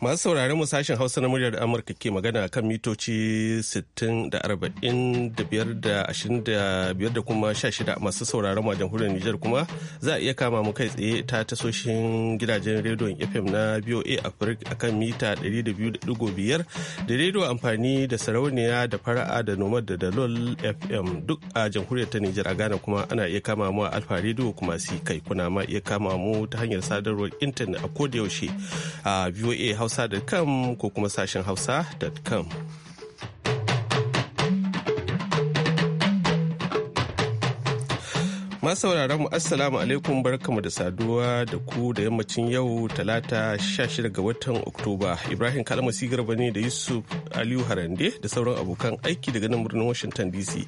masu sauraron mu sashen hausa na muryar amurka ke magana kan mitoci 60 da 40 da 25 da da kuma 16 masu sauraron mu a jamhuriyar nijar kuma za a iya kama mu kai tsaye ta tasoshin gidajen rediyon fm na boa afirka a kan mita 200.5 da rediyo amfani da sarauniya da fara'a da nomad da dalol fm duk a jamhuriyar ta nijar a ghana kuma ana iya kama mu a alfa rediyo kuma si kai kuna ma iya kama mu ta hanyar sadarwar intanet a kodayaushe a boa hausa.com ko kuma sashen hausa.com. sauraron mu assalamu alaikum barkamu da saduwa da ku da yammacin yau talata 16 ga watan oktoba ibrahim kalmasi garba ne da yusuf aliyu harande da sauran abokan aiki daga nan birnin washington dc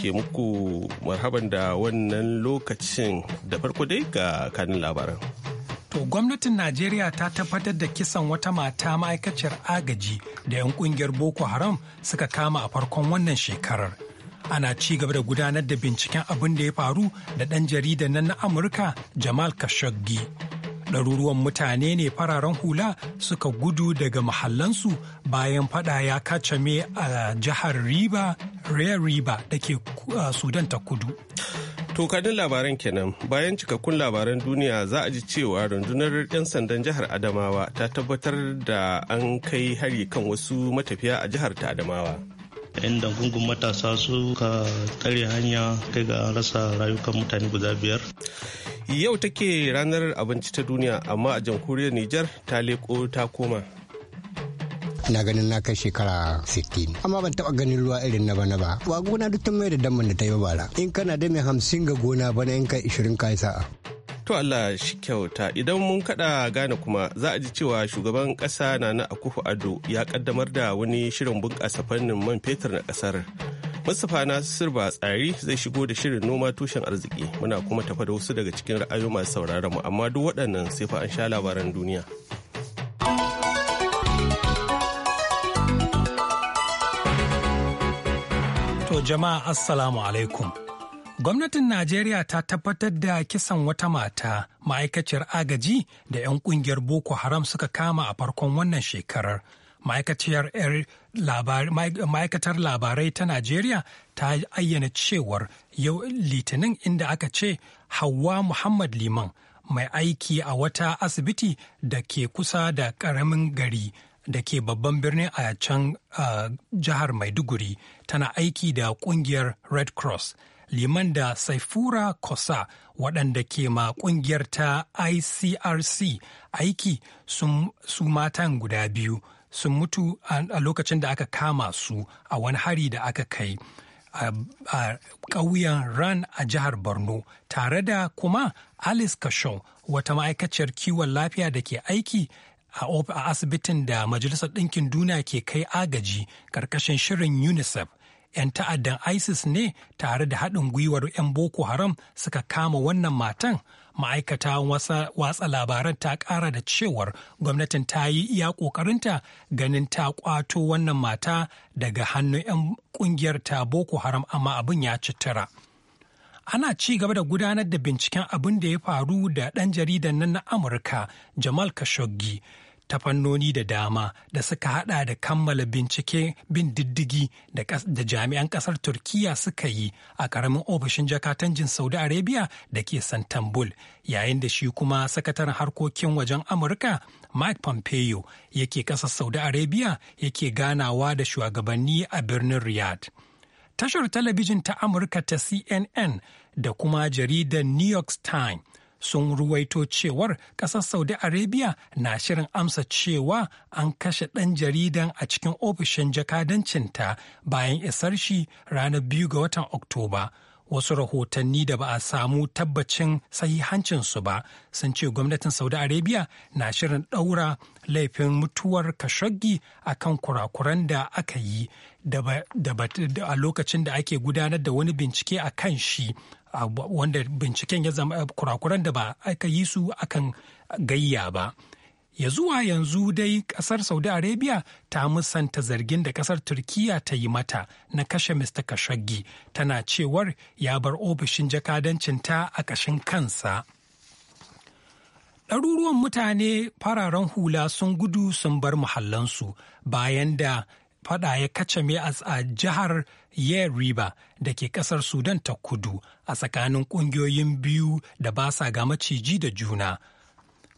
ke muku marhaban da wannan lokacin da farko dai ga kanin labaran To gwamnatin Najeriya ta tabbatar da kisan wata mata ma'aikaciyar agaji da 'yan kungiyar Boko Haram suka kama a farkon wannan shekarar. Ana ci gaba da gudanar da binciken abin da ya faru da ɗan jaridan nan na Amurka Jamal Khashoggi. Ɗaruruwan mutane ne fararen hula suka gudu daga mahallansu bayan fada ya kacame a jihar Riba, Rare Riba da ke uh, Sudan ta kudu. Tokanin labaran kenan bayan cikakkun labaran duniya za a ji cewa rundunar 'yan sandan jihar Adamawa ta tabbatar da an kai hari kan wasu matafiya a jihar ta Adamawa. inda gungun matasa suka tsare hanya kai ga rasa rayukan mutane guda biyar. Yau take ranar abinci ta duniya amma a jamhuriyar Nijar ta leko ta koma. na ganin na kai shekara 60 amma ban taba ganin ruwa irin na bana ba wa gona duk tun mai da damman da ta yi bara in kana da mai 50 ga gona bana in kai 20 kai sa'a To Allah shi kyauta idan mun kada gane kuma za a ji cewa shugaban ƙasa na Akufo Ado ya kaddamar da wani shirin bunƙasa fannin man fetur na ƙasar. Mustapha Nasir ba tsari zai shigo da shirin noma tushen arziki muna kuma tafa da wasu daga cikin ra'ayoyi masu sauraron mu amma duk waɗannan sai fa an sha labaran duniya. jama'a assalamu alaikum. Gwamnatin Najeriya ta tabbatar da kisan wata mata ma'aikaciyar agaji da 'yan kungiyar Boko Haram suka kama a farkon wannan shekarar. Ma'aikatar labarai ta Najeriya ta ayyana cewar yau litinin inda aka ce Hauwa Muhammad Liman mai aiki a wata asibiti da ke kusa da ƙaramin gari da ke babban birnin a can jihar Maiduguri tana aiki da kungiyar Red Cross. Liman da Saifura Kosa waɗanda ke ma ƙungiyar ta ICRC aiki su matan guda biyu sun mutu a lokacin da aka kama su a wani hari da aka kai. a ƙauyen ran a jihar borno tare da kuma alice kashon wata ma'aikaciyar kiwon lafiya da ke aiki a asibitin da Majalisar Ɗinkin Duniya ke kai agaji ƙarƙashin shirin UNICEF. 'Yan ta'addan ISIS ne tare da haɗin gwiwar 'yan Boko Haram suka kama wannan matan. Ma'aikata watsa labaran ta ƙara da cewar gwamnatin ta yi iya ƙoƙarinta ganin ta ƙwato wannan mata daga hannun 'yan ƙungiyar ta Boko Haram amma abin ya ci ana ci gaba da gudanar da binciken abin da ya faru da ɗan jaridan nan na amurka jamal khashoggi ta fannoni da dama da suka hada da kammala bincike bin diddigi da jami'an kasar turkiya suka yi a karamin ofishin jakatanjin saudi arabia da ke santambul yayin da shi kuma sakataren harkokin wajen amurka mike pompeo yake kasar saudi arabia yake ganawa da shugabanni a birnin riyadh tashar talabijin ta Amurka ta CNN da kuma jaridar New York Times sun ruwaito cewar ƙasar Saudi Arabia na shirin amsa cewa an kashe ɗan jaridan a cikin ofishin jakadancinta bayan isar shi ranar biyu ga watan Oktoba. wasu rahotanni da ba a samu tabbacin sahihancinsu ba sun ce gwamnatin saudi arabia na shirin ɗaura laifin mutuwar kashaggi a kan kurakuran da aka yi a lokacin da ake gudanar da wani bincike a kan shi wanda binciken ya zama kurakuran da ba aka yi su akan gayya ba. ya zuwa yanzu dai kasar saudi arabia ta musanta zargin da kasar turkiya ta yi mata na kashe mr khashoggi tana cewar ya bar ofishin jakadancinta a ƙashin kansa ɗaruruwan mutane fararen hula sun gudu sun bar muhallansu bayan da fada ya kace kacame a jihar Yer River da ke kasar Sudan ta kudu a tsakanin kungiyoyin biyu da ba sa ga maciji da juna.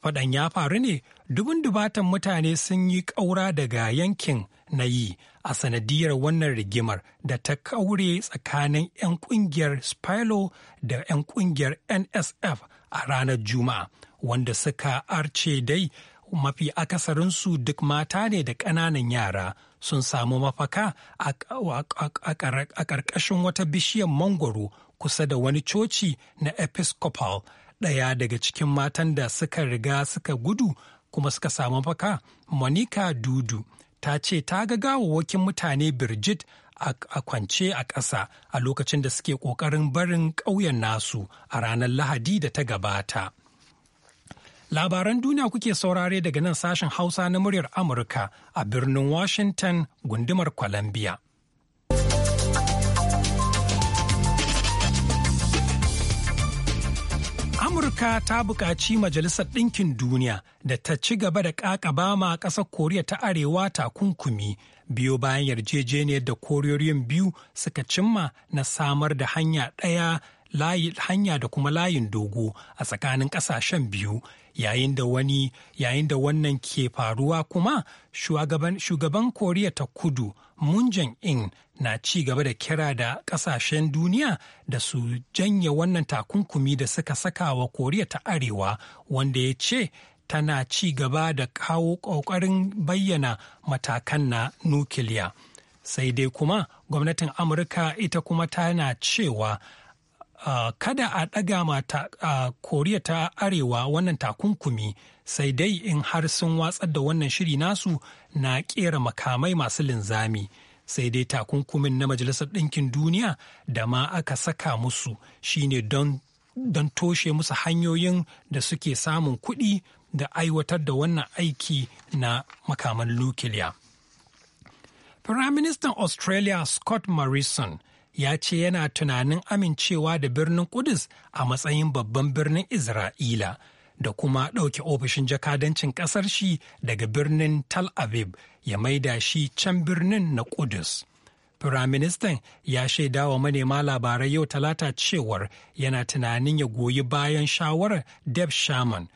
Faɗan ya faru ne dubun dubatan mutane sun yi ƙaura daga yankin na yi a sanadiyar wannan rigimar da ta kaure tsakanin 'yan ƙungiyar Spilo da 'yan ƙungiyar NSF a ranar Juma'a wanda suka arce dai mafi akasarinsu duk mata ne da ƙananan yara sun samu mafaka a ƙarƙashin wata bishiyar mangwaro kusa da wani coci na episcopal ɗaya daga cikin matan da suka riga suka gudu kuma suka samu mafaka monica dudu ta ce ta ga gawawwakin mutane birgit a kwance a ƙasa a lokacin da suke ƙoƙarin barin ƙauyen nasu a ranar lahadi da ta gabata labaran duniya kuke saurare daga nan sashen hausa na muryar amurka a birnin washington gundumar columbia amurka ta buƙaci majalisar ɗinkin duniya da ta ci gaba da ƙaƙaba ma ƙasar koriya ta arewa takunkumi biyo bayan yarjejeniyar da koriyoyin biyu suka cimma na samar da hanya ɗaya hanya da kuma layin dogo a tsakanin ƙasashen biyu yayin da wani yayin da wannan ke faruwa kuma shugaban koriya ta kudu moon in na ci gaba da kira da kasashen duniya da su janye wannan takunkumi da suka saka wa koriya ta arewa wanda ya ce tana ci gaba da kawo ƙoƙarin bayyana matakan na nukiliya sai dai kuma gwamnatin amurka ita kuma tana cewa Uh, kada a ɗaga mata uh, koriya ta arewa wannan takunkumi sai dai in har sun watsar da wannan shiri nasu na ƙera makamai masu linzami sai dai takunkumin na majalisar ɗinkin duniya da ma aka saka musu shine don don toshe musu hanyoyin da suke samun kuɗi da aiwatar da wannan aiki na makaman nukiliya. Firaministan Australia Scott Morrison ya ce yana tunanin amincewa da birnin Kudus a matsayin babban birnin Isra'ila da kuma ɗauke ofishin jakadancin ƙasar shi daga birnin Tal Aviv ya maida shi can birnin na Kudus. Firaministan ya shaida wa manema labarai yau talata cewar yana tunanin ya goyi bayan shawarar Deb Shaman,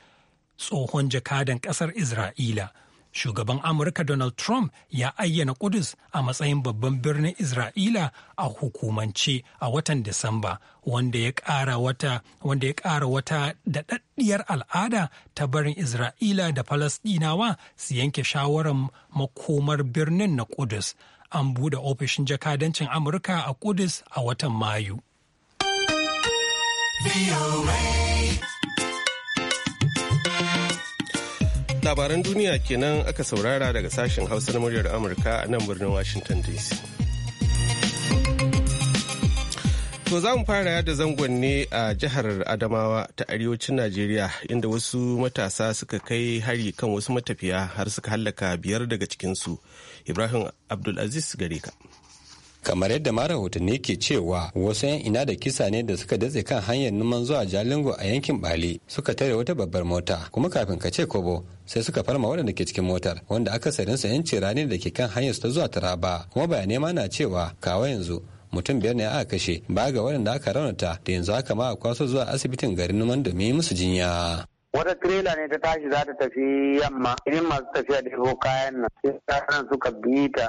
tsohon jakadan ƙasar Isra'ila. shugaban Amurka Donald Trump ya ayyana Kudus a matsayin babban birnin Isra'ila a hukumance a watan Disamba, wanda ya ƙara wata wanda ya daɗaɗɗiyar al'ada ta barin Isra'ila da Falasɗinawa su yanke shawarar makomar birnin na Kudus. An buɗe ofishin jakadancin Amurka a Kudus a watan Mayu. labaran duniya kenan aka saurara daga sashen hausa na muryar amurka a nan birnin washington dc To za mu fara yada zangon ne a jihar Adamawa ta arewacin Najeriya inda wasu matasa suka kai hari kan wasu matafiya har suka hallaka biyar daga cikinsu. Ibrahim Abdulaziz gare ka. kamar yadda ma rahotanni ke cewa wasu 'yan ina da kisa ne da suka datse kan hanyar numan zuwa jalingo a yankin bali suka tare wata babbar mota kuma kafin ka ce kobo sai suka farma waɗanda ke cikin motar wanda aka akasarinsa 'yan cira ne da ke kan hanyar su ta zuwa taraba kuma bayanai ma na cewa kawa yanzu mutum biyar ne aka kashe ba ga waɗanda aka raunata da yanzu haka ma a kwaso zuwa asibitin garin numan domin musu jinya. wata tirela ne ta tashi za ta tafi yamma irin masu tafiya da ko kayan nan sai kayan suka bita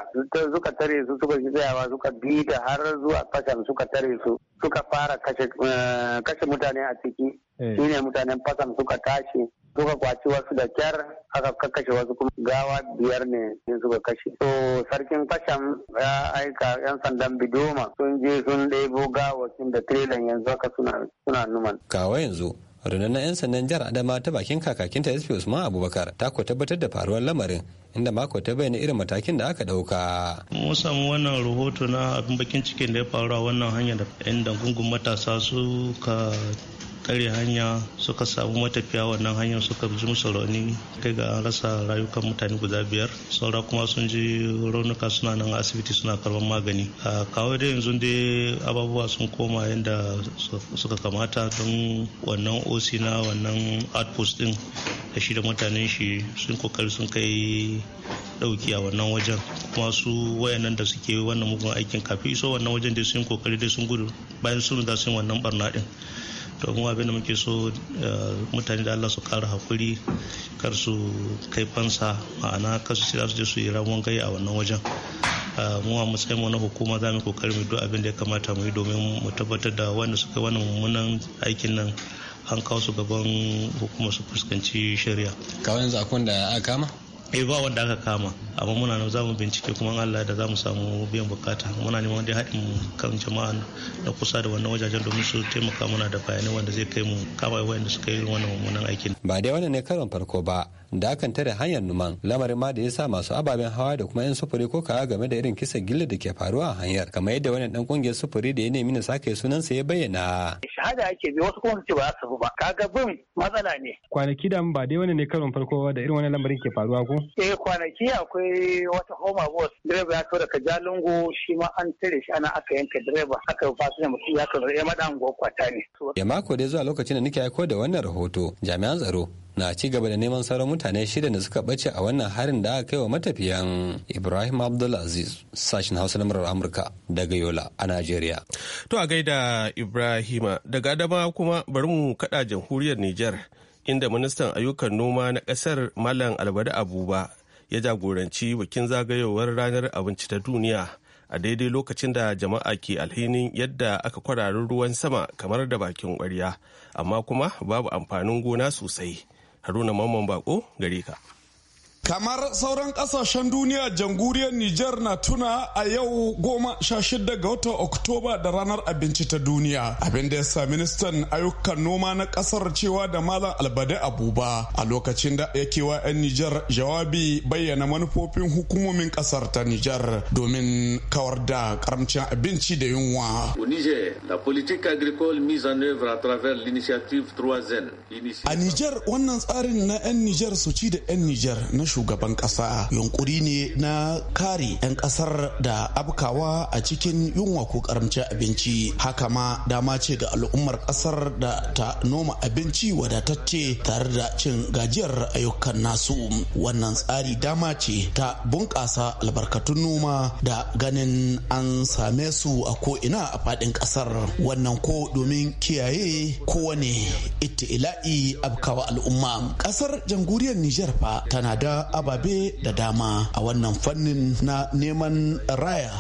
suka tare su suka shi tsayawa suka bita har zuwa fashan suka tare su suka fara kashe eh, mutane a ciki eh. shine mutanen fasan suka tashi suka kwaci wasu da kyar aka kakkashe wasu kuma gawa biyar ne sun suka kashe to sarkin fasham ya aika yan sandan bidoma sun je sun ɗebo sun da tirelan yanzu haka suna numan kawa yanzu rundunar 'yan sandan jihar adama ta bakin kakakinta sp usman abubakar ta ko tabbatar da faruwar lamarin inda mako ta bayyana irin matakin da aka dauka. mun samu wannan rahoto na abin bakin cikin da ya faru a wannan hanyar da 'yan dangungun matasa su suka tsare hanya suka samu matafiya wannan hanyar suka ji musu rauni kai ga an rasa rayukan mutane guda biyar saura kuma sun ji raunuka suna nan asibiti suna karban magani a kawo da yanzu dai ababuwa sun koma yadda suka kamata don wannan oc na wannan outpost din da shi da mutanen shi sun kokari sun kai dauki a wannan wajen kuma su wayannan da suke wannan mugun aikin kafin iso wannan wajen da sun kokari da sun gudu bayan sun da sun wannan barna din to kuma abin da muke so eh, mutane da Allah su kara hakuri kar su kai fansa ma'ana kar su su je su yi ramon gai a wannan wajen eh, mu a matsayin na hukuma za mu kokari mu duk abin da ya kamata mu yi domin mu tabbatar da wanda suka wannan mummunan aikin nan an kawo su gaban hukumar su fuskanci shari'a kawai yanzu akwai da aka kama eh ba wanda aka kama amma muna nan za mu bincike kuma Allah da za mu samu biyan bukata muna neman wanda haɗin kan jama'a na kusa da wannan wajajen domin su taimaka muna da bayanai wanda zai kai mu kama wanda suka yi wannan mummunan aikin ba dai wannan ne karon farko ba da akan tare hanyar numan lamarin ma da ya sa masu ababen hawa da kuma 'yan sufuri ko kawa game da irin kisa gilla da ke faruwa a hanyar kamar yadda wannan dan kungiyar sufuri da ya nemi na sake sunan sa ya bayyana. shahada ake bi wasu kuma su ce ba su ba kaga bin matsala ne. kwanaki da ba dai wani ne karon farko da irin wani lamarin ke faruwa ko. eh kwanaki akwai wata homa bus direba ya tura ka jalungo shi ma an tare shi ana aka yanka direba aka su da mutum ya kan rage madan gwakwa kwata ne. ya mako dai zuwa lokacin da nake aiko da wannan rahoto jami'an tsaro na ci gaba da neman sauran mutane shida da suka bace a wannan harin da aka kai wa matafiyan Ibrahim Abdulaziz sashen Hausa na murar Amurka daga Yola a Najeriya. To a gaida Ibrahima daga Adama kuma bari mu kada jamhuriyar niger inda ministan ayyukan noma na kasar Malam Albada Abuba ya jagoranci bikin zagayowar ranar abinci ta duniya a daidai lokacin da jama'a ke alhinin yadda aka kwararin ruwan sama kamar da bakin ƙwarya amma kuma babu amfanin gona sosai Haruna Mamman Bako gare ka. Kamar sauran kasashen duniya jamhuriyar Nijar na tuna a yau goma sha shida ga watan Oktoba da ranar abinci ta duniya. Abin da ya sa ministan ayyukan noma na kasar cewa da Malam Albade Abuba a lokacin da yake wa 'yan Nijar jawabi bayyana manufofin hukumomin kasar ta Nijar domin kawar da karamcin abinci da yunwa. A Nijar wannan tsarin na 'yan Nijar su ci da 'yan Nijar na shugaban kasa yunkuri ne na kare 'yan ƙasar da abkawa a cikin yunwa ko karamci abinci haka ma dama ce ga al'ummar ƙasar da ta noma abinci wadatacce tare da cin gajiyar ayyukan nasu wannan tsari dama ce ta bunƙasa albarkatun noma da ganin an same su a ko ina a faɗin ƙasar wannan ko domin kiyaye kowane ila'i abkawa al'umma ƙasar jamhuriyar nijar fa tana da ababe da dama a wannan fannin na neman raya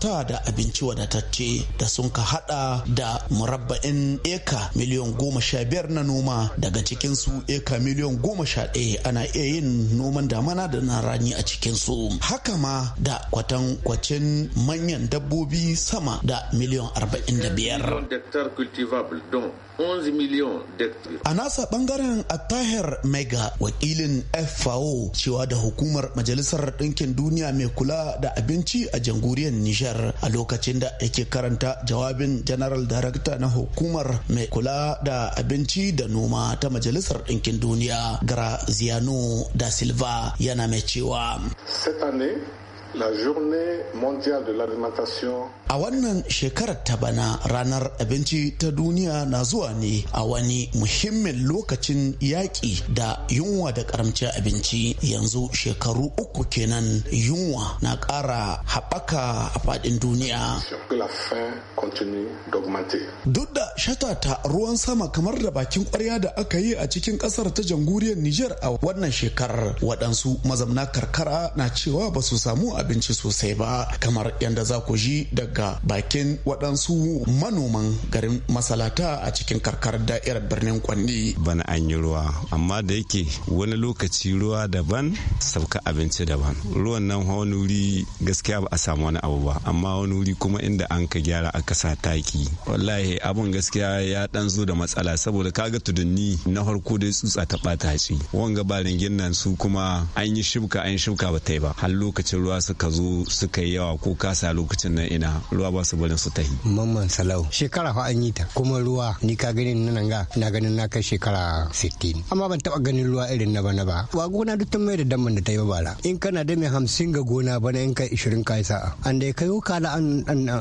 ta da abinci wadatacce da sun ka hada da murabba'in eka miliyan goma sha biyar na noma daga cikinsu eka miliyan goma sha ɗaya ana iya yin noman damana da na rani a cikinsu haka ma da kwacin manyan dabbobi sama da miliyan arba'in da biyar a nasa bangaren Tahir mega wakilin fao cewa da hukumar Majalisar Ɗinkin Duniya mai kula da abinci a jamhuriyar Nijar a lokacin da yake karanta jawabin General Director na hukumar mai kula da abinci da noma ta Majalisar Ɗinkin Duniya Graziano da Silva yana mai cewa. la a wannan shekarar ta bana ranar abinci ta duniya na zuwa ne a wani muhimmin lokacin yaƙi da yunwa da karamcin abinci yanzu shekaru uku kenan yunwa na ƙara haɓaka a faɗin duniya duk da shatata ruwan sama kamar da bakin ƙwarya da aka yi a cikin ƙasar ta jamhuriyar nijar a wannan shekarar waɗansu mazamna karkara na cewa ba su samu abinci sosai ba kamar yadda za ku ji daga bakin waɗansu manoman garin masalata a cikin karkarar da'irar birnin kwanni bana an yi ruwa amma da yake wani lokaci ruwa daban sauka abinci daban ruwan nan wani wuri gaskiya ba a samu wani abu ba amma wani wuri kuma inda an ka gyara aka sa taki wallahi abun gaskiya ya dan zo da matsala saboda kaga tudunni na farko dai tsutsa ta bata ci wanga ba ringin nan su kuma an yi shibka an shibka ba ta yi ba har lokacin ruwa suka zo suka yi yawa ko kasa lokacin nan ina ruwa ba su barin su tahi mamman salau shekara fa an yi ta kuma ruwa ni ka ganin nan ga na ganin na kai shekara 60 amma ban taba ganin ruwa irin na bana ba wa gona duk tun mai da damman da ta yi bala in kana da mai 50 ga gona bana in kai 20 yi sa'a an da kai da an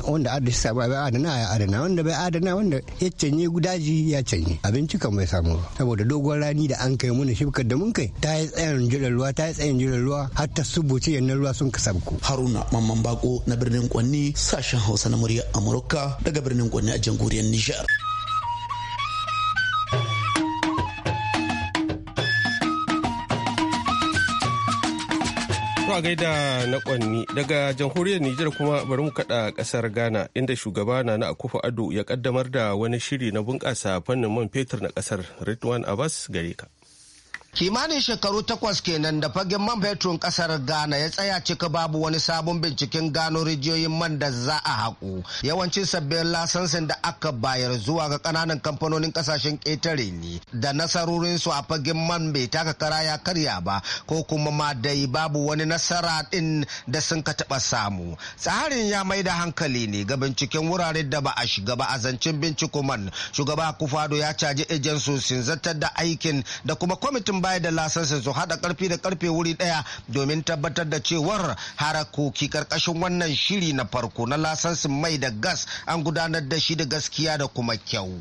wanda adadi sa bai adana ya adana wanda bai adana wanda ya canye gudaji ya canye abinci kan bai samu ba saboda dogon rani da an kai mana shibkar da mun kai ta yi tsayin jiran ruwa ta yi tsayin jiran ruwa har ta subuce yannan ruwa sun kasa uku haruna mamman bako na birnin kwanni sashen hausa na a amurka daga birnin kwanni a jamhuriyar nijar Kuma gaida na kwanni daga jamhuriyar Nijar kuma bari mu kada kasar Ghana inda shugaba na na akufa ado ya kaddamar da wani shiri na bunƙasa fannin man fetur na kasar Ridwan Abbas gare ka. kimanin shekaru takwas kenan da fagen man fetur kasar ghana ya tsaya cika babu wani sabon binciken gano rijiyoyin man da za a haƙo yawancin sabbin lasansin da aka bayar zuwa ga kananan kamfanonin kasashen ketare ne da nasarorinsu a fagen man bai taka kara ya karya ba ko kuma ma dai babu wani nasara din da sun ka taɓa samu tsarin ya mai da hankali ne ga binciken wuraren da ba a shiga ba a zancen binciko man shugaba kufado ya caji sun zartar da aikin da kuma kwamitin bayar da lasansa su hada karfi da karfe wuri daya domin tabbatar da cewar harakoki karkashin wannan shiri na farko na lasansin mai da gas an gudanar da shi da gaskiya da kuma kyau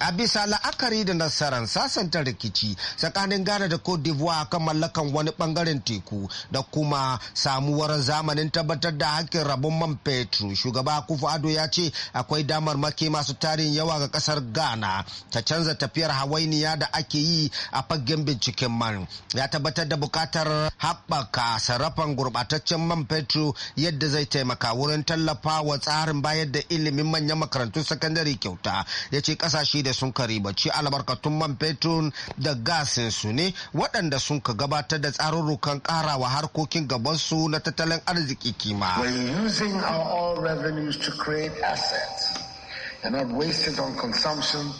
a bisa la'akari da nasarar sasanta rikici tsakanin ghana da cote d'ivoire kan mallakan wani bangaren teku da kuma samuwar zamanin tabbatar da hakkin rabon man petro shugaba kufu ado ya ce akwai damar make masu tarin yawa ga kasar ghana ta canza tafiyar hawainiya da ake yi a fagen binciken man ya tabbatar da bukatar haɓaka sarrafan gurbataccen man petro yadda zai taimaka wurin tallafa wa tsarin bayar da ilimin manyan makarantun sakandare kyauta ya ce ƙasashe da sun karibaci albarkatun man fetur da gasin su ne waɗanda sun ka gabatar da tsarurrukan karawa harkokin gabansu na tattalin arziki kima. We're not wasted on consumption.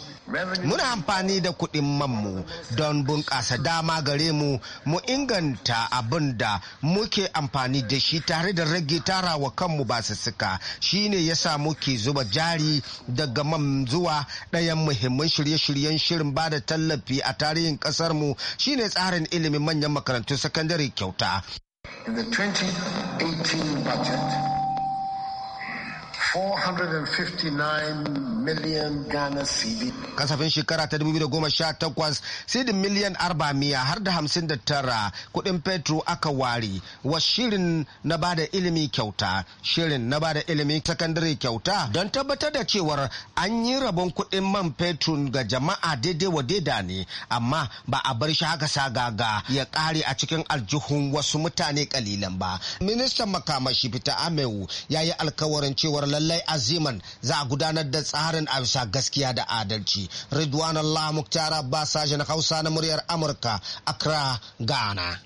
Muna amfani da kuɗin manmu don bunƙasa dama gare mu mu inganta abin da muke amfani da shi tare da rage tara wa kanmu basussuka shi ne ya sa muke zuba jari daga man zuwa ɗayan muhimman shirye-shiryen shirin ba da tallafi a tarihin ƙasarmu ne tsarin ilimin manyan makarantun sakandare kyauta. In the 2018 budget, 459 million Ghana CD. Kasafin shekara ta 2018 sidin miliyan 400 har da tara. kudin petro aka ware wa shirin na bada ilimi kyauta shirin na bada ilimi sakandare kyauta don tabbatar da cewar an yi rabon kudin man petro ga jama'a daidai wa daida ne amma ba a bar shi haka sa sagaga ya kare a cikin aljihun wasu mutane kalilan ba ministan makamashi fita amewu ya yi alkawarin cewar lallai aziman za a gudanar da tsarin a bisa gaskiya da adalci ridwan allah muktar abbas na hausa na muryar amurka accra ghana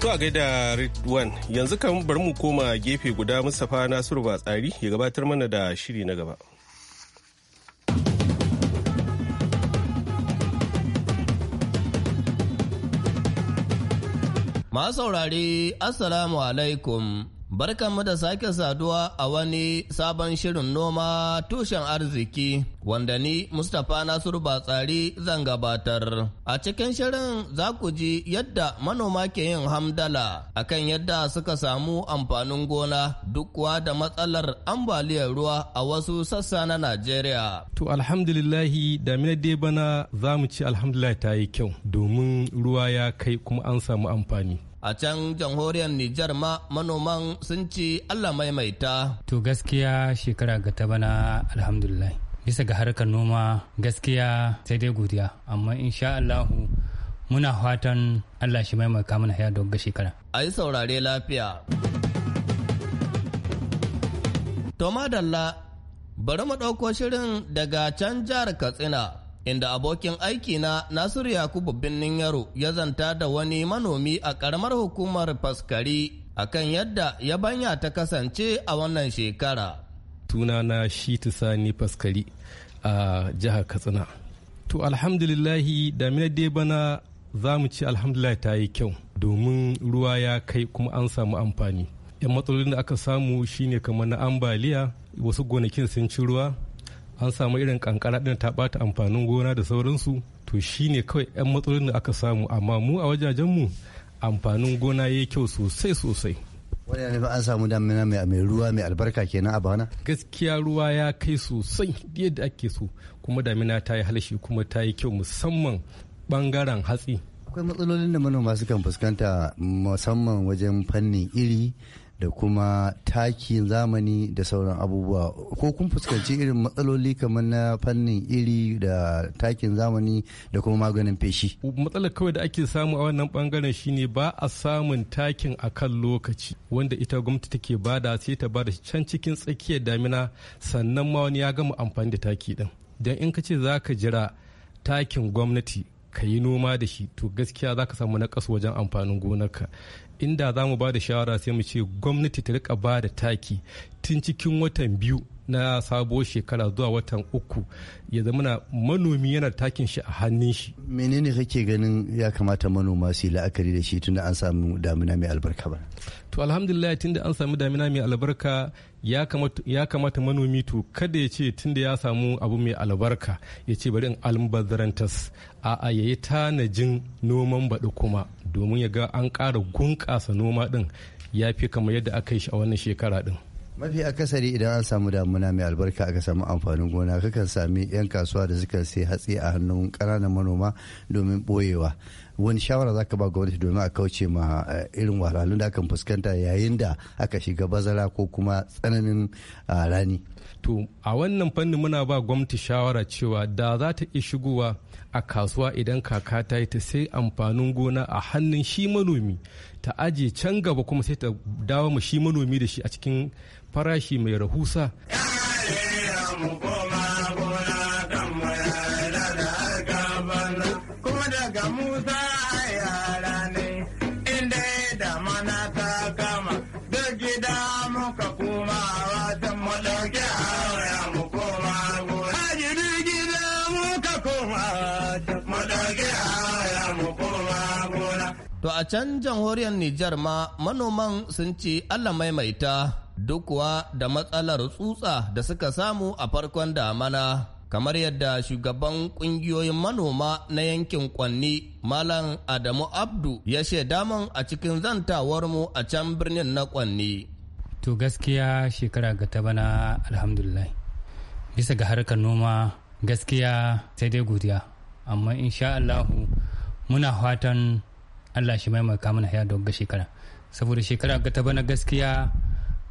To a gaida Ridwan yanzu kan bari mu koma gefe guda Mustapha Nasiru Batsari ya gabatar mana da shiri na gaba. Masu saurare, Assalamu alaikum. Barkanmu da sake saduwa a wani sabon shirin noma tushen arziki wanda ni Mustapha Nasiru Batsari zan gabatar. A cikin shirin za ku ji yadda manoma ke yin hamdala akan yadda suka samu amfanin gona duk kuwa da matsalar ambaliyar ruwa a wasu sassa na Najeriya. To alhamdulillahi damina dai bana za mu ci alhamdulillah ta yi kyau domin ruwa ya kai kuma an samu amfani. a can jamhuriyar Nijar ma manoman sun ci Allah maimaita. To gaskiya shekara ga ta bana alhamdulillah. Bisa ga harkar noma gaskiya sai dai godiya amma insha Allahu muna fatan Allah shi maimaita mana ya dogga shekara. A yi saurare lafiya. To madalla bari mu ɗauko shirin daga can jihar Katsina. inda abokin aiki na Nasiru Yakubu Binnin Yaro ya zanta da wani manomi a karamar hukumar Faskari akan yadda yabanya ta kasance a wannan shekara. Tunana Shitu Sani Faskari a jihar Katsina. To alhamdulillahi daminar dai bana za mu ci alhamdulillah ta yi kyau domin ruwa ya kai kuma an samu amfani. 'Yan matsalolin da aka samu shine kamar na ambaliya wasu gonakin sun ci ruwa an samu irin kankara din ta bata amfanin gona da sauransu to shine kawai 'yan matsalolin da aka samu amma mu a wajajenmu amfanin gona ya kyau sosai sosai Wani ne an samu damina mai ruwa mai albarka kenan a bana gaskiya ruwa ya kai sosai yadda ake so kuma damina ta yi halashi kuma ta yi kyau musamman bangaren hatsi akwai matsalolin da manoma sukan fuskanta musamman wajen fannin iri da kuma takin zamani da sauran abubuwa ko kun fuskanci irin matsaloli kamar na fannin iri da takin zamani da kuma maganin feshi matsalar kawai da ake samu a wannan bangaren shine ba a samun takin a kan lokaci wanda ita gwamnati take bada sai ta bada can cikin tsakiyar damina sannan ma wani ya gama amfani da taki din dan in ka ce za ka jira takin gwamnati ka yi noma da shi to gaskiya za ka samu nakas wajen amfanin gonarka inda za mu ba da shawara sai mu ce gwamnati ta rika ba da taki tun cikin watan biyu na sabuwar shekara zuwa watan uku ya zama manomi yana takin shi a hannun shi. menene kake ganin ya kamata manoma su yi la'akari da shi tunda an samu damina mai albarka ba to alhamdulillah da an samu damina mai albarka ya kamata manomi to kada ya ce tunda ya samu abu mai albarka ya ce bari in almubazzarantas a'a ya yi tanajin noman baɗi kuma domin ya ga an ƙara gunƙasa noma din ya fi kamar yadda aka yi a wannan shekara din. mafi akasari idan an samu damuna mai albarka aka samu amfanin gona kakan sami 'yan kasuwa da suka sai hatsi a hannun ƙananan manoma domin ɓoyewa wani shawara za ka ba gwamnati domin a kauce ma eh, irin wahalhalun da akan fuskanta yayin da aka shiga bazara ko kuma tsananin rani to a wannan fannin muna ba gwamnati shawara cewa da za ta iya shigowa a kasuwa idan kaka ta yi ta sai amfanin gona a hannun shi manomi ta aje can gaba kuma sai ta dawo ma shi manomi da shi a cikin farashi mai rahusa. To a can jamhuriyar Nijar ma manoman sun ce Allah maimaita duk kuwa da matsalar tsutsa da suka samu a farkon damana. kamar yadda shugaban kungiyoyin manoma na yankin kwanni malam adamu abdu ya shaida daman a cikin zantawarmu a can birnin na kwanni to gaskiya shekara ga ta bana alhamdulillah bisa ga harkar noma gaskiya sai dai godiya amma insha allahu muna fatan allah shi maimaka mana haya dogga shekara saboda shekara ga ta bana gaskiya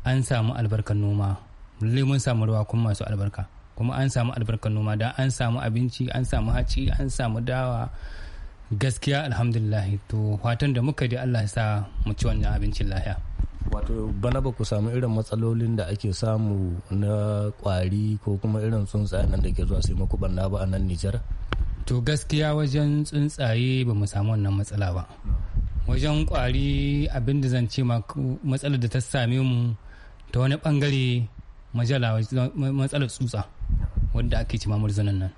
an samu albarkar noma lallai mun samu ruwa kuma masu albarka kuma an samu albarkar noma da an samu abinci an samu haci an samu dawa gaskiya alhamdulillah to fatan da muka da allah ya sa mu ci wannan abincin lahiya wato bana ba ku samu irin matsalolin da ake samu na kwari ko kuma irin tsuntsayen nan da ke zuwa sai maku banna ba a nan nijar to gaskiya wajen tsuntsaye ba mu samu wannan matsala ba wajen kwari abin da zan ce matsalar da ta same mu ta wani bangare majala matsalar tsutsa wadda ake cima murzanan nan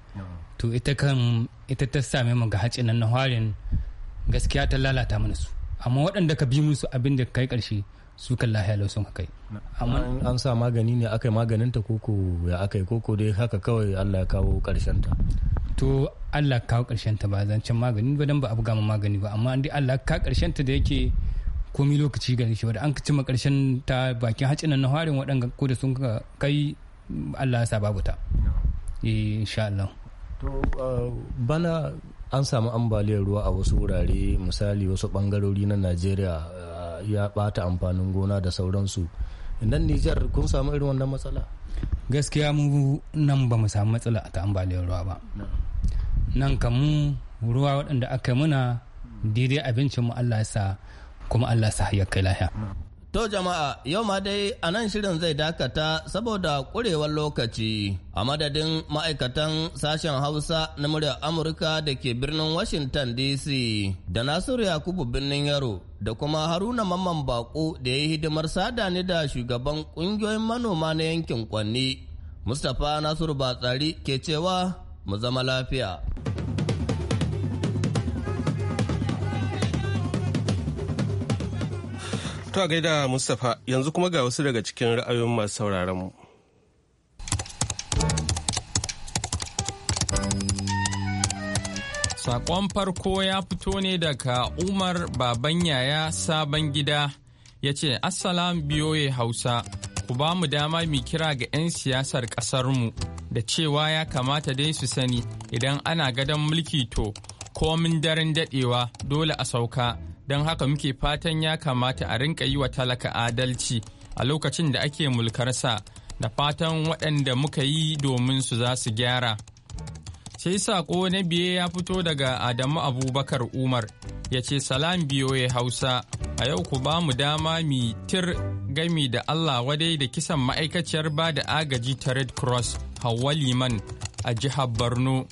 to ita kan ita ta same mu ga hacin nan na harin gaskiya ta lalata mana su amma waɗanda ka bi musu abin da kai karshe su kan lahiya lau sun kai amma an sa magani ne aka yi maganin ta koko ya aka yi koko dai haka kawai Allah ya kawo karshen ta to Allah kawo karshen ta ba zancen magani ba dan ba abu gama magani ba amma dai Allah ka karshen ta da yake komi lokaci gare shi wanda an ci ma karshen ta bakin hacin na harin waɗanda ko da sun kai Allah ya sa babu ta eh, insha Allah to uh, bana an samu ambaliyar ruwa a wasu wurare misali wasu bangarori na Najeriya uh, ya bata amfanin gona da sauransu nan Nijar kun samu irin wannan matsala gaskiya mu nan ba mu samu matsala ta ambaliyar ruwa ba nan kamu ruwa waɗanda aka muna daidai abincin mu Allah sa kuma Allah sa ya kai lahiya. To jama'a yau ma dai a nan shirin zai dakata saboda kurewar lokaci a madadin ma'aikatan sashen Hausa na muryar Amurka da ke birnin Washington DC da Nasiru Yakubu birnin Yaro da kuma Haruna Mamman Bako da ya yi hidimar sada ne da shugaban ƙungiyoyin manoma na yankin Kwanni. Mustapha Nasiru Batsari ke cewa mu zama lafiya. To gaida Mustapha yanzu kuma ga wasu daga cikin ra'ayoyin masu sauraron mu. Sakon farko ya fito ne daga Umar Baban Yaya Sabon Gida ya ce, Assalam biyoye Hausa, ku ba mu dama mu kira ga 'yan siyasar ƙasarmu. mu. da cewa ya kamata dai su sani idan ana gadon mulki to komin daren dadewa dole a sauka don haka muke fatan ya kamata a rinka yi wa talaka adalci a lokacin da ake mulkarsa da fatan waɗanda muka yi domin su za su gyara sai saƙo na biye ya fito daga adamu abubakar umar ya ce salam ya hausa a yau ku ba mu dama tir gami da allah wadai da kisan ma'aikaciyar ba da agaji ta red cross Hauwa Liman a jihar Borno.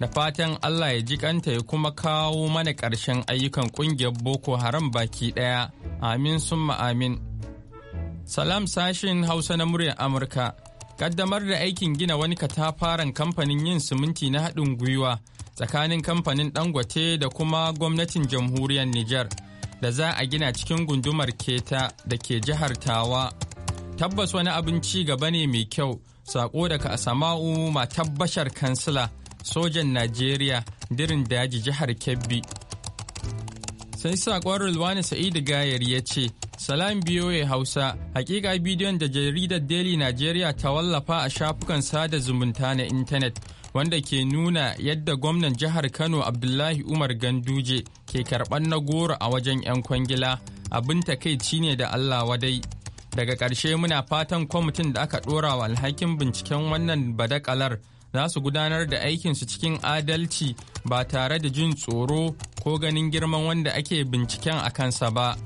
Da fatan Allah ya ji kanta ya kuma kawo mana ƙarshen ayyukan ƙungiyar Boko Haram baki ɗaya. Amin sun amin. Salam sashin Hausa na muryar Amurka. Kaddamar da aikin gina wani katafaren kamfanin yin siminti na haɗin gwiwa tsakanin kamfanin Dangote da kuma gwamnatin jamhuriyar Nijar da za a gina cikin gundumar Keta da ke jihar Tawa. Tabbas wani abin ci gaba ne mai kyau sako daga asama'u tabbashar kansila sojan najeriya dirin daji jihar kebbi sai sakon rulwani sa'idu gayar ya ce salam ya hausa hakika bidiyon da jaridar daily nigeria ta wallafa a shafukan sada zumunta na intanet wanda ke nuna yadda gwamnan jihar kano abdullahi umar ganduje ke karɓar na goro a wajen 'yan kwangila abin takaici ne da allah wadai daga ƙarshe muna fatan kwamitin da aka ɗora wa alhakin binciken wannan badakalar za su gudanar da aikinsu cikin adalci ba tare da jin tsoro ko ganin girman wanda ake binciken a kansa ba.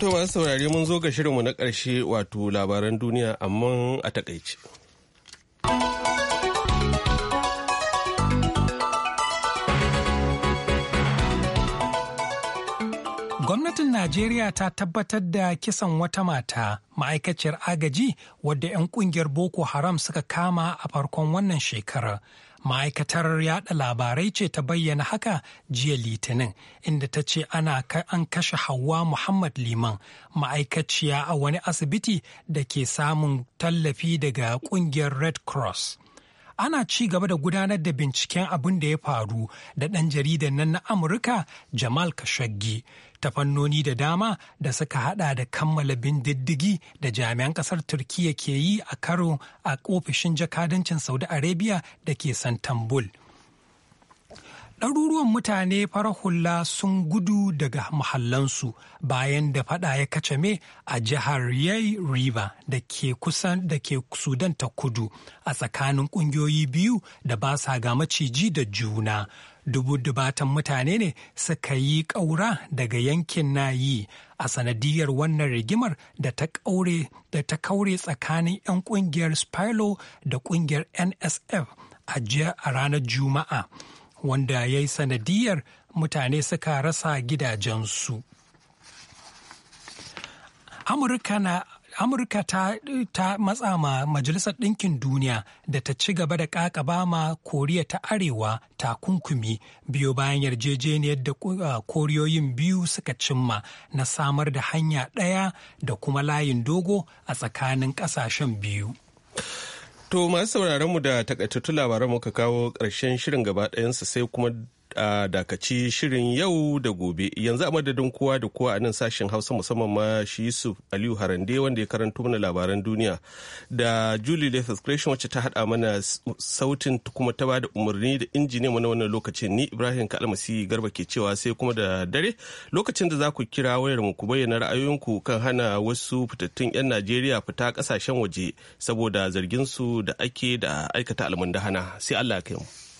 To masu saurare mun zo ga shirinmu na ƙarshe wato labaran duniya amma a takaice. Gwamnatin Najeriya ta tabbatar da kisan wata mata ma'aikaciyar agaji wadda 'yan kungiyar Boko Haram suka kama a farkon wannan shekarar. Ma'aikatar yada labarai ce ta bayyana haka jiya Litinin, inda ta ce ana an kashe Hauwa Muhammad Liman, ma'aikaciya a wani asibiti da ke samun tallafi daga kungiyar Red Cross. ana ci gaba da gudanar da binciken abin da ya faru da ɗan jaridan nan na amurka jamal khashoggi ta fannoni da dama da suka hada da kammala bin diddigi da jami'an kasar turkiya ke yi a karo a ofishin jakadancin saudi arabia da ke santambul ɗaruruwan mutane farar hula sun gudu daga mahallansu bayan da fada ya kacame a jihar Yai River da ke kusan da ke Sudan ta kudu a tsakanin ƙungiyoyi biyu da ba sa ga maciji da juna. Dubu-dubatan mutane ne suka yi ƙaura daga yankin na yi, a sanadiyar wannan rigimar da ta kaure tsakanin 'yan ƙungiyar Spilo da ƙungiyar NSF a ranar Juma'a. wanda ya yi sanadiyar mutane suka rasa gidajensu. Amurka ta, ta matsa ma Majalisar Ɗinkin Duniya da ta ci gaba da ƙaƙaba ma Koriya ta Arewa takunkumi biyo bayan yarjejeniyar da uh, koriyoyin biyu suka cimma na samar da hanya ɗaya da kuma layin dogo a tsakanin ƙasashen biyu. To masu sauraron mu da takaitattun labaran muka kawo ƙarshen shirin gaba ɗayansa sai kuma a dakaci shirin yau da gobe yanzu a madadin kowa da kowa a nan sashen hausa musamman ma shi yusuf aliyu harande wanda ya karanto mana labaran duniya da julie lethal creation wacce ta hada mana sautin kuma ta bada umarni da injini mana wannan lokacin ni ibrahim kalmasi garba ke cewa sai kuma da dare lokacin da za ku kira wayar mu ku bayyana ra'ayoyinku kan hana wasu fitattun 'yan najeriya fita kasashen waje saboda zargin su da ake da aikata almundahana sai allah ya kai mu